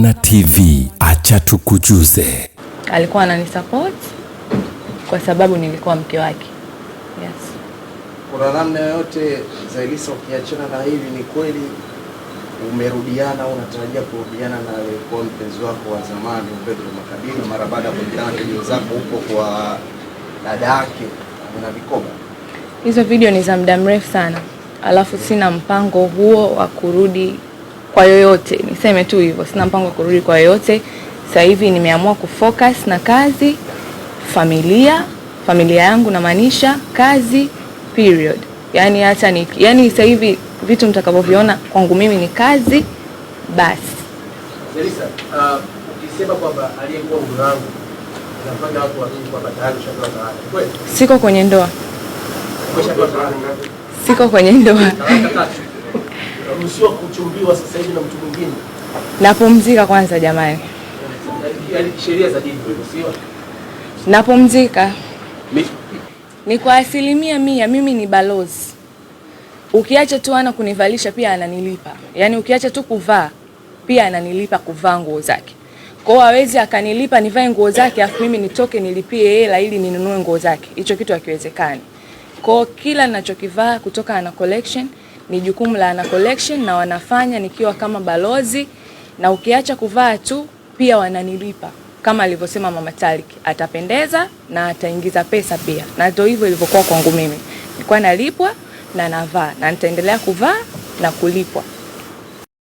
Ona TV, acha tukujuze. Alikuwa ananisupport kwa sababu nilikuwa mke wake. Yes. Kuna namna yoyote Zailisa, ukiachana na hivi, ni kweli umerudiana au unatarajia kurudiana na aliyekuwa mpenzi wako wa zamani Pedro Makabila mara baada ya kujulikana video zako huko kwa dada yake na vikoba? Hizo video ni za muda mrefu sana, alafu sina mpango huo wa kurudi kwa yoyote. Niseme tu hivyo, sina mpango wa kurudi kwa yoyote. Sasa hivi nimeamua kufocus na kazi, familia, familia yangu namaanisha kazi period. Yani hata ni yani, sasa hivi vitu mtakavyoviona kwangu mimi ni kazi basi. Melissa, uh, ukisema kwamba aliyekuwa mume wangu anafanya watu waamini kwamba tayari ushapewa talaka. Kweli? Siko kwenye ndoa. Siko kwenye ndoa unaruhusiwa kuchumbiwa sasa hivi na mtu mwingine? Napumzika kwanza jamani. Yaani sheria za dini kuruhusiwa? Napumzika ni kwa asilimia mia. Mimi ni balozi, ukiacha tu ana kunivalisha pia ananilipa, yaani ukiacha tu kuvaa pia ananilipa kuvaa nguo zake. Kwa hiyo hawezi akanilipa nivae nguo zake afu mimi nitoke nilipie hela ili ninunue nguo zake, hicho kitu hakiwezekani. Kwa kila ninachokivaa kutoka ana collection ni jukumu la Ana Collection na wanafanya nikiwa kama balozi, na ukiacha kuvaa tu pia wananilipa kama alivyosema Mama Talik, atapendeza na ataingiza pesa pia, na ndio hivyo ilivyokuwa kwangu mimi, nilikuwa nalipwa na navaa na nitaendelea kuvaa na kulipwa.